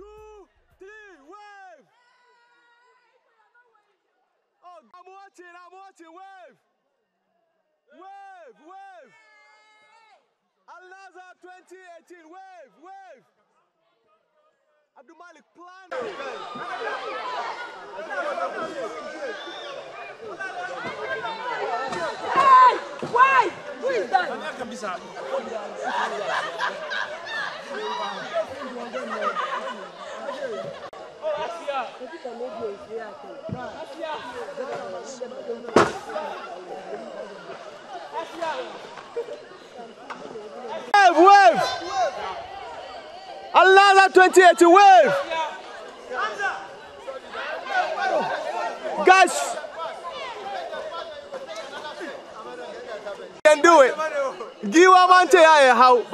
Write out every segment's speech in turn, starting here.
two, three, wave! Oh, I'm watching, I'm watching, wave! Wave, wave! Al-Nazar 2018, wave, wave! Abdul Malik, plan! Hey! Wave! Who is that? Wave, wave! Allow that 28 wave! Guys! Can do it! how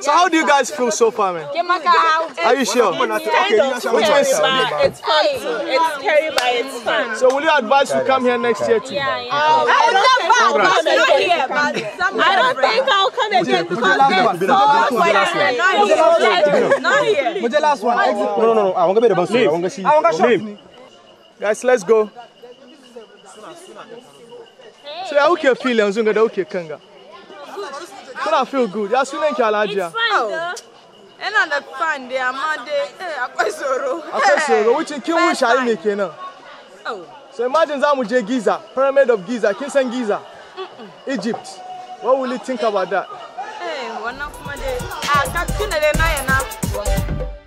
So how do you guys feel so far, man? Are you sure? It's kind of It's fun too. It's It's fun. So will you advise to come here next year too? Yeah, yeah. I would never come not here, but I don't think I'll come again because there's so Not here. Not here. last one? No, no, no. I want to be the boss. I want to see. I want to show. Guys, let's go. So, how you feel? I'm going to kanga. I feel good. You're feeling Kyaladia. It's fine oh. though. And on the fan, they are mad. Akwesoro. Akwesoro, which in Kiwu shall make you know. Oh. So imagine Zamuje Giza, Pyramid of Giza, Kinsen Giza, Egypt. What will you think about that? Hey, one of my days. I ah, can't